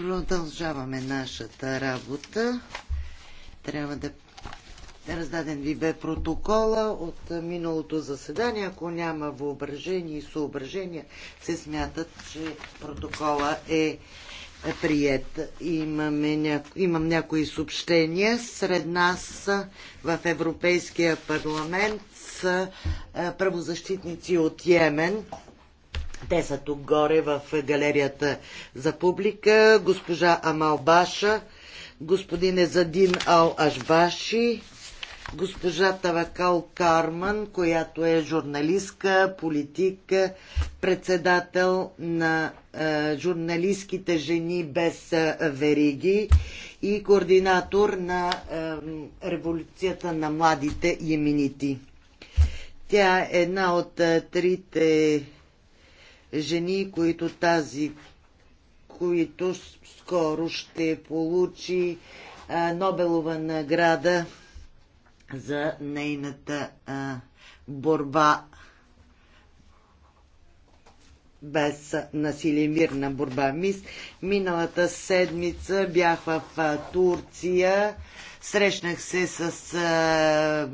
Продължаваме нашата работа. Трябва да раздаден ви бе протокола от миналото заседание. Ако няма въображение и съображения, се смятат, че протокола е прият. Имаме няко... Имам някои съобщения. Сред нас в Европейския парламент са е, правозащитници от Йемен, те са тук горе в галерията за публика. Госпожа Амал Баша, господин Езадин Ал Ашбаши, госпожа Тавакал Карман, която е журналистка, политик, председател на е, журналистките жени без е, вериги и координатор на е, революцията на младите именити. Тя е една от е, трите жени, които тази, които скоро ще получи а, Нобелова награда за нейната а, борба без насилие, мирна борба. Мис, миналата седмица бях в а, Турция, срещнах се с а,